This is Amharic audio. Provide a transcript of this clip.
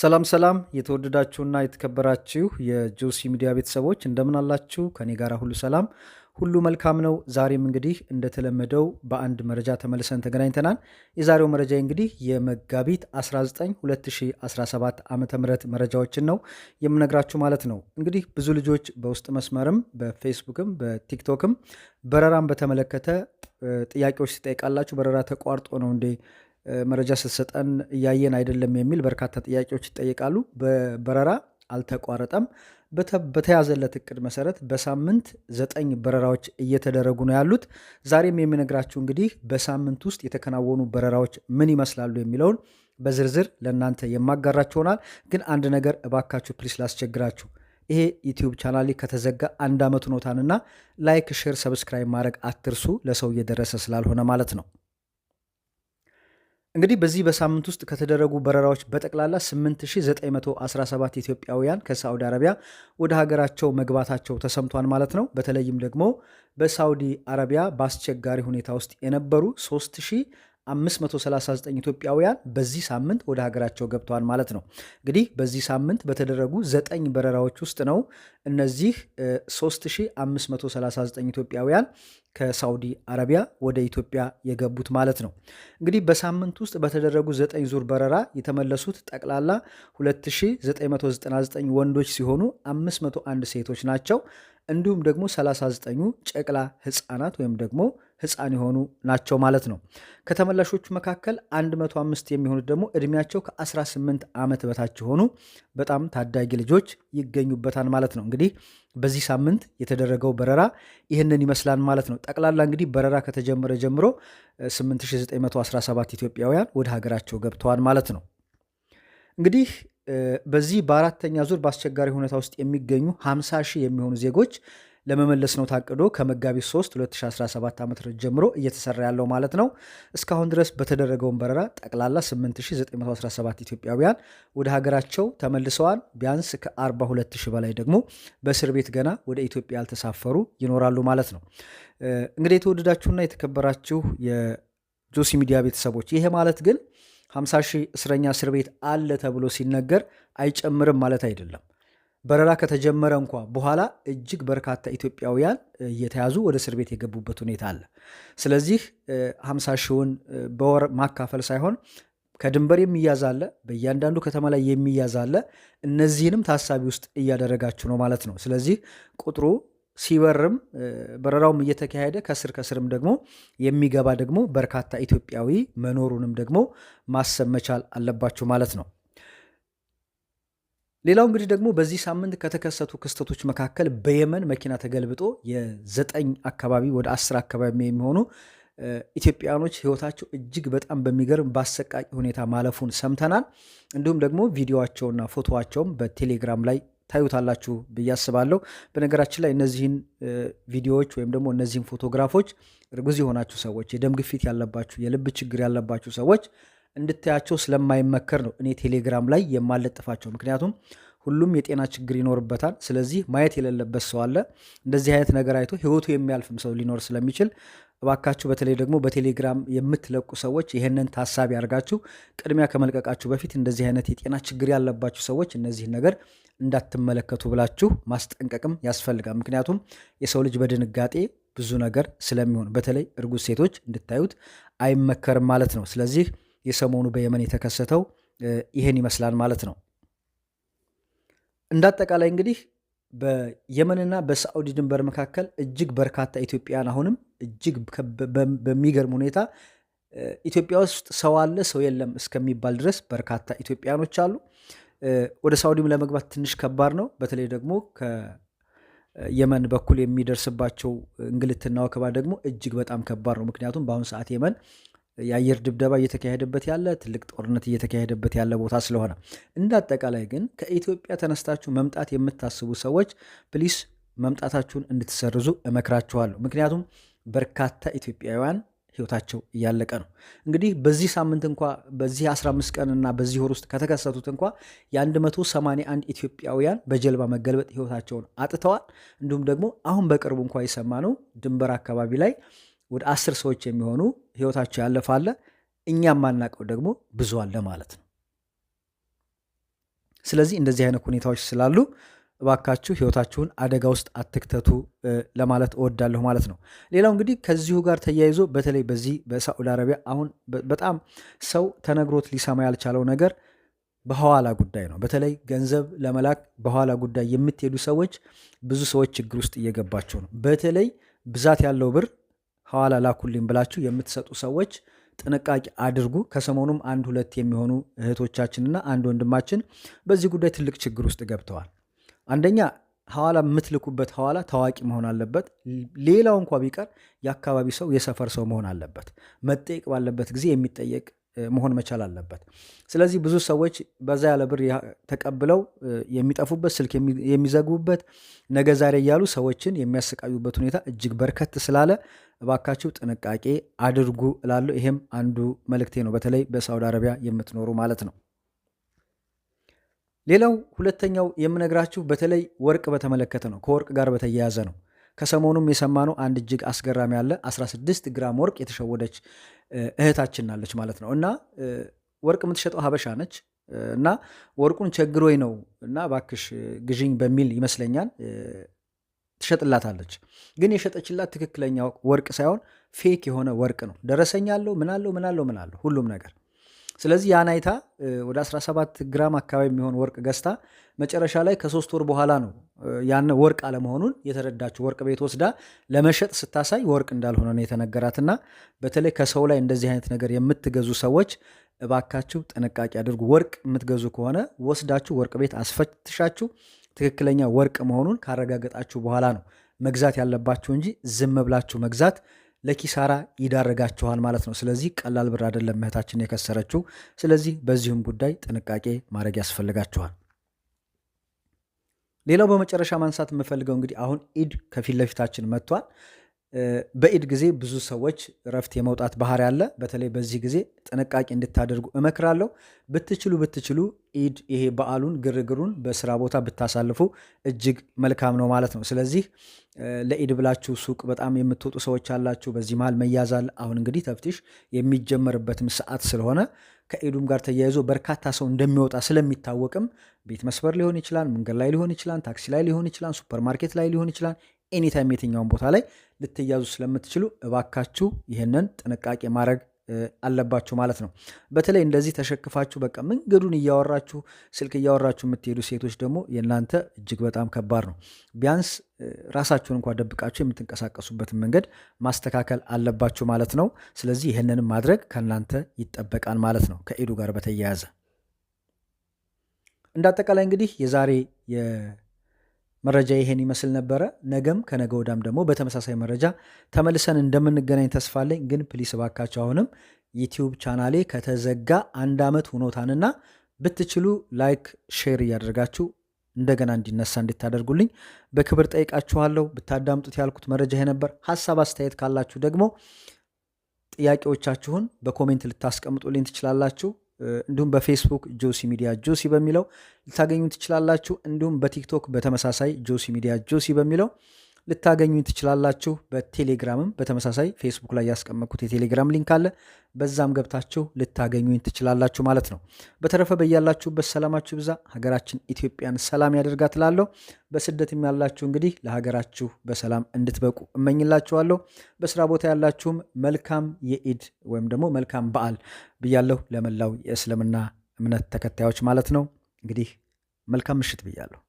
ሰላም ሰላም የተወደዳችሁና የተከበራችሁ የጆሲ ሚዲያ ቤተሰቦች እንደምን አላችሁ? ከኔ ጋር ሁሉ ሰላም ሁሉ መልካም ነው። ዛሬም እንግዲህ እንደተለመደው በአንድ መረጃ ተመልሰን ተገናኝተናል። የዛሬው መረጃ እንግዲህ የመጋቢት 19 2017 ዓ ም መረጃዎችን ነው የምነግራችሁ ማለት ነው። እንግዲህ ብዙ ልጆች በውስጥ መስመርም በፌስቡክም በቲክቶክም በረራም በተመለከተ ጥያቄዎች ሲጠይቃላችሁ በረራ ተቋርጦ ነው እንዴ መረጃ ስትሰጠን እያየን አይደለም የሚል በርካታ ጥያቄዎች ይጠየቃሉ። በረራ አልተቋረጠም። በተያዘለት እቅድ መሰረት በሳምንት ዘጠኝ በረራዎች እየተደረጉ ነው ያሉት። ዛሬም የሚነግራችሁ እንግዲህ በሳምንት ውስጥ የተከናወኑ በረራዎች ምን ይመስላሉ የሚለውን በዝርዝር ለእናንተ የማጋራችሁ ይሆናል። ግን አንድ ነገር እባካችሁ ፕሊስ ላስቸግራችሁ። ይሄ ዩቲዩብ ቻናሌ ከተዘጋ አንድ ዓመት ኖታንና ላይክ፣ ሼር፣ ሰብስክራይብ ማድረግ አትርሱ። ለሰው እየደረሰ ስላልሆነ ማለት ነው። እንግዲህ በዚህ በሳምንት ውስጥ ከተደረጉ በረራዎች በጠቅላላ 8917 ኢትዮጵያውያን ከሳዑዲ አረቢያ ወደ ሀገራቸው መግባታቸው ተሰምቷል ማለት ነው። በተለይም ደግሞ በሳዑዲ አረቢያ በአስቸጋሪ ሁኔታ ውስጥ የነበሩ 3 539 ኢትዮጵያውያን በዚህ ሳምንት ወደ ሀገራቸው ገብተዋል ማለት ነው። እንግዲህ በዚህ ሳምንት በተደረጉ ዘጠኝ በረራዎች ውስጥ ነው እነዚህ 3539 ኢትዮጵያውያን ከሳውዲ አረቢያ ወደ ኢትዮጵያ የገቡት ማለት ነው። እንግዲህ በሳምንት ውስጥ በተደረጉ ዘጠኝ ዙር በረራ የተመለሱት ጠቅላላ 2999 ወንዶች ሲሆኑ 501 ሴቶች ናቸው። እንዲሁም ደግሞ 39ኙ ጨቅላ ህፃናት ወይም ደግሞ ህፃን የሆኑ ናቸው ማለት ነው። ከተመላሾቹ መካከል 105 የሚሆኑት ደግሞ እድሜያቸው ከ18 ዓመት በታች የሆኑ በጣም ታዳጊ ልጆች ይገኙበታል ማለት ነው። እንግዲህ በዚህ ሳምንት የተደረገው በረራ ይህንን ይመስላል ማለት ነው። ጠቅላላ እንግዲህ በረራ ከተጀመረ ጀምሮ 8917 ኢትዮጵያውያን ወደ ሀገራቸው ገብተዋል ማለት ነው። እንግዲህ በዚህ በአራተኛ ዙር በአስቸጋሪ ሁኔታ ውስጥ የሚገኙ 50 ሺህ የሚሆኑ ዜጎች ለመመለስ ነው ታቅዶ ከመጋቢት 3 2017 ዓ ም ጀምሮ እየተሰራ ያለው ማለት ነው። እስካሁን ድረስ በተደረገውን በረራ ጠቅላላ 8917 ኢትዮጵያውያን ወደ ሀገራቸው ተመልሰዋል። ቢያንስ ከ42000 በላይ ደግሞ በእስር ቤት ገና ወደ ኢትዮጵያ ያልተሳፈሩ ይኖራሉ ማለት ነው። እንግዲህ የተወደዳችሁና የተከበራችሁ የጆሲ ሚዲያ ቤተሰቦች ይሄ ማለት ግን 50 ሺህ እስረኛ እስር ቤት አለ ተብሎ ሲነገር አይጨምርም ማለት አይደለም። በረራ ከተጀመረ እንኳ በኋላ እጅግ በርካታ ኢትዮጵያውያን እየተያዙ ወደ እስር ቤት የገቡበት ሁኔታ አለ። ስለዚህ ሀምሳ ሺውን በወር ማካፈል ሳይሆን ከድንበር የሚያዝ አለ፣ በእያንዳንዱ ከተማ ላይ የሚያዝ አለ። እነዚህንም ታሳቢ ውስጥ እያደረጋችሁ ነው ማለት ነው። ስለዚህ ቁጥሩ ሲበርም በረራውም እየተካሄደ ከስር ከስርም ደግሞ የሚገባ ደግሞ በርካታ ኢትዮጵያዊ መኖሩንም ደግሞ ማሰብ መቻል አለባችሁ ማለት ነው። ሌላው እንግዲህ ደግሞ በዚህ ሳምንት ከተከሰቱ ክስተቶች መካከል በየመን መኪና ተገልብጦ የዘጠኝ አካባቢ ወደ አስር አካባቢ የሚሆኑ ኢትዮጵያውያኖች ህይወታቸው እጅግ በጣም በሚገርም በአሰቃቂ ሁኔታ ማለፉን ሰምተናል። እንዲሁም ደግሞ ቪዲዮቸውና ፎቶዋቸውም በቴሌግራም ላይ ታዩታላችሁ ብዬ አስባለሁ። በነገራችን ላይ እነዚህን ቪዲዮዎች ወይም ደግሞ እነዚህን ፎቶግራፎች እርጉዝ የሆናችሁ ሰዎች፣ የደም ግፊት ያለባችሁ፣ የልብ ችግር ያለባችሁ ሰዎች እንድታያቸው ስለማይመከር ነው እኔ ቴሌግራም ላይ የማለጥፋቸው። ምክንያቱም ሁሉም የጤና ችግር ይኖርበታል። ስለዚህ ማየት የሌለበት ሰው አለ። እንደዚህ አይነት ነገር አይቶ ህይወቱ የሚያልፍም ሰው ሊኖር ስለሚችል እባካችሁ በተለይ ደግሞ በቴሌግራም የምትለቁ ሰዎች ይህንን ታሳቢ አድርጋችሁ ቅድሚያ ከመልቀቃችሁ በፊት እንደዚህ አይነት የጤና ችግር ያለባችሁ ሰዎች እነዚህን ነገር እንዳትመለከቱ ብላችሁ ማስጠንቀቅም ያስፈልጋል። ምክንያቱም የሰው ልጅ በድንጋጤ ብዙ ነገር ስለሚሆን በተለይ እርጉዝ ሴቶች እንድታዩት አይመከርም ማለት ነው። ስለዚህ የሰሞኑ በየመን የተከሰተው ይህን ይመስላል ማለት ነው። እንዳጠቃላይ አጠቃላይ እንግዲህ በየመንና በሳዑዲ ድንበር መካከል እጅግ በርካታ ኢትዮጵያን አሁንም እጅግ በሚገርም ሁኔታ ኢትዮጵያ ውስጥ ሰው አለ ሰው የለም እስከሚባል ድረስ በርካታ ኢትዮጵያኖች አሉ። ወደ ሳዑዲም ለመግባት ትንሽ ከባድ ነው። በተለይ ደግሞ ከየመን በኩል የሚደርስባቸው እንግልትና ወከባ ደግሞ እጅግ በጣም ከባድ ነው። ምክንያቱም በአሁኑ ሰዓት የመን የአየር ድብደባ እየተካሄደበት ያለ ትልቅ ጦርነት እየተካሄደበት ያለ ቦታ ስለሆነ እንደ አጠቃላይ ግን ከኢትዮጵያ ተነስታችሁ መምጣት የምታስቡ ሰዎች ፕሊስ መምጣታችሁን እንድትሰርዙ እመክራችኋለሁ። ምክንያቱም በርካታ ኢትዮጵያውያን ህይወታቸው እያለቀ ነው። እንግዲህ በዚህ ሳምንት እንኳ በዚህ 15 ቀን እና በዚህ ወር ውስጥ ከተከሰቱት እንኳ የ181 ኢትዮጵያውያን በጀልባ መገልበጥ ህይወታቸውን አጥተዋል። እንዲሁም ደግሞ አሁን በቅርቡ እንኳ የሰማነው ድንበር አካባቢ ላይ ወደ አስር ሰዎች የሚሆኑ ህይወታቸው ያለፋለ እኛም ማናቀው ደግሞ ብዙ አለ ማለት ነው። ስለዚህ እንደዚህ አይነት ሁኔታዎች ስላሉ እባካችሁ ህይወታችሁን አደጋ ውስጥ አትክተቱ ለማለት እወዳለሁ ማለት ነው። ሌላው እንግዲህ ከዚሁ ጋር ተያይዞ በተለይ በዚህ በሳዑዲ አረቢያ አሁን በጣም ሰው ተነግሮት ሊሰማ ያልቻለው ነገር በኋላ ጉዳይ ነው። በተለይ ገንዘብ ለመላክ በኋላ ጉዳይ የምትሄዱ ሰዎች ብዙ ሰዎች ችግር ውስጥ እየገባቸው ነው። በተለይ ብዛት ያለው ብር ሐዋላ ላኩልኝ ብላችሁ የምትሰጡ ሰዎች ጥንቃቄ አድርጉ። ከሰሞኑም አንድ ሁለት የሚሆኑ እህቶቻችንና አንድ ወንድማችን በዚህ ጉዳይ ትልቅ ችግር ውስጥ ገብተዋል። አንደኛ ሐዋላ የምትልኩበት ሐዋላ ታዋቂ መሆን አለበት። ሌላው እንኳ ቢቀር የአካባቢ ሰው የሰፈር ሰው መሆን አለበት። መጠየቅ ባለበት ጊዜ የሚጠየቅ መሆን መቻል አለበት። ስለዚህ ብዙ ሰዎች በዛ ያለ ብር ተቀብለው የሚጠፉበት ስልክ የሚዘግቡበት ነገ ዛሬ እያሉ ሰዎችን የሚያሰቃዩበት ሁኔታ እጅግ በርከት ስላለ እባካችሁ ጥንቃቄ አድርጉ እላለሁ። ይሄም አንዱ መልእክቴ ነው፣ በተለይ በሳውዲ አረቢያ የምትኖሩ ማለት ነው። ሌላው ሁለተኛው የምነግራችሁ በተለይ ወርቅ በተመለከተ ነው፣ ከወርቅ ጋር በተያያዘ ነው። ከሰሞኑም የሰማነው አንድ እጅግ አስገራሚ ያለ 16 ግራም ወርቅ የተሸወደች እህታችን ናለች ማለት ነው እና ወርቅ የምትሸጠው ሀበሻ ነች እና ወርቁን ቸግሮኝ ነው እና ባክሽ ግዥኝ በሚል ይመስለኛል ትሸጥላታለች። ግን የሸጠችላት ትክክለኛ ወርቅ ሳይሆን ፌክ የሆነ ወርቅ ነው። ደረሰኝ አለው፣ ምናለው፣ ምናለው፣ ምናለው ሁሉም ነገር ስለዚህ ያን አይታ ወደ 17 ግራም አካባቢ የሚሆን ወርቅ ገዝታ መጨረሻ ላይ ከሶስት ወር በኋላ ነው ያን ወርቅ አለመሆኑን የተረዳችው። ወርቅ ቤት ወስዳ ለመሸጥ ስታሳይ ወርቅ እንዳልሆነ ነው የተነገራትና በተለይ ከሰው ላይ እንደዚህ አይነት ነገር የምትገዙ ሰዎች እባካችሁ ጥንቃቄ አድርጉ። ወርቅ የምትገዙ ከሆነ ወስዳችሁ ወርቅ ቤት አስፈትሻችሁ ትክክለኛ ወርቅ መሆኑን ካረጋገጣችሁ በኋላ ነው መግዛት ያለባችሁ እንጂ ዝም ብላችሁ መግዛት ለኪሳራ ይዳረጋችኋል ማለት ነው። ስለዚህ ቀላል ብር አይደለም እህታችን የከሰረችው። ስለዚህ በዚሁም ጉዳይ ጥንቃቄ ማድረግ ያስፈልጋችኋል። ሌላው በመጨረሻ ማንሳት የምፈልገው እንግዲህ አሁን ኢድ ከፊት ለፊታችን መጥቷል። በኢድ ጊዜ ብዙ ሰዎች እረፍት የመውጣት ባህሪ አለ። በተለይ በዚህ ጊዜ ጥንቃቄ እንድታደርጉ እመክራለሁ። ብትችሉ ብትችሉ ኢድ ይሄ በዓሉን ግርግሩን በስራ ቦታ ብታሳልፉ እጅግ መልካም ነው ማለት ነው። ስለዚህ ለኢድ ብላችሁ ሱቅ በጣም የምትወጡ ሰዎች አላችሁ። በዚህ መሃል መያዛል። አሁን እንግዲህ ተፍትሽ የሚጀመርበትም ሰዓት ስለሆነ ከኢዱም ጋር ተያይዞ በርካታ ሰው እንደሚወጣ ስለሚታወቅም ቤት መስበር ሊሆን ይችላል፣ መንገድ ላይ ሊሆን ይችላል፣ ታክሲ ላይ ሊሆን ይችላል፣ ሱፐርማርኬት ላይ ሊሆን ይችላል ኤኒታይም የትኛውን ቦታ ላይ ልትያዙ ስለምትችሉ እባካችሁ ይህንን ጥንቃቄ ማድረግ አለባችሁ ማለት ነው። በተለይ እንደዚህ ተሸክፋችሁ በቃ መንገዱን እያወራችሁ ስልክ እያወራችሁ የምትሄዱ ሴቶች ደግሞ የእናንተ እጅግ በጣም ከባድ ነው። ቢያንስ ራሳችሁን እንኳ ደብቃችሁ የምትንቀሳቀሱበትን መንገድ ማስተካከል አለባችሁ ማለት ነው። ስለዚህ ይህንንም ማድረግ ከእናንተ ይጠበቃል ማለት ነው። ከኢዱ ጋር በተያያዘ እንደ አጠቃላይ እንግዲህ የዛሬ መረጃ ይሄን ይመስል ነበረ። ነገም ከነገ ወዳም ደግሞ በተመሳሳይ መረጃ ተመልሰን እንደምንገናኝ ተስፋለኝ ግን ፕሊስ እባካችሁ አሁንም ዩቲዩብ ቻናሌ ከተዘጋ አንድ ዓመት ሁኖታንና ብትችሉ ላይክ፣ ሼር እያደርጋችሁ እንደገና እንዲነሳ እንድታደርጉልኝ በክብር ጠይቃችኋለሁ። ብታዳምጡት ያልኩት መረጃ ይሄ ነበር። ሀሳብ አስተያየት ካላችሁ ደግሞ ጥያቄዎቻችሁን በኮሜንት ልታስቀምጡልኝ ትችላላችሁ። እንዲሁም በፌስቡክ ጆሲ ሚዲያ ጆሲ በሚለው ልታገኙ ትችላላችሁ። እንዲሁም በቲክቶክ በተመሳሳይ ጆሲ ሚዲያ ጆሲ በሚለው ልታገኙኝ ትችላላችሁ። በቴሌግራምም በተመሳሳይ ፌስቡክ ላይ ያስቀመጥኩት የቴሌግራም ሊንክ አለ። በዛም ገብታችሁ ልታገኙኝ ትችላላችሁ ማለት ነው። በተረፈ በያላችሁበት ሰላማችሁ ብዛ። ሀገራችን ኢትዮጵያን ሰላም ያደርጋት እላለሁ። በስደትም ያላችሁ እንግዲህ ለሀገራችሁ በሰላም እንድትበቁ እመኝላችኋለሁ። በስራ ቦታ ያላችሁም መልካም የኢድ ወይም ደግሞ መልካም በዓል ብያለሁ ለመላው የእስልምና እምነት ተከታዮች ማለት ነው። እንግዲህ መልካም ምሽት ብያለሁ።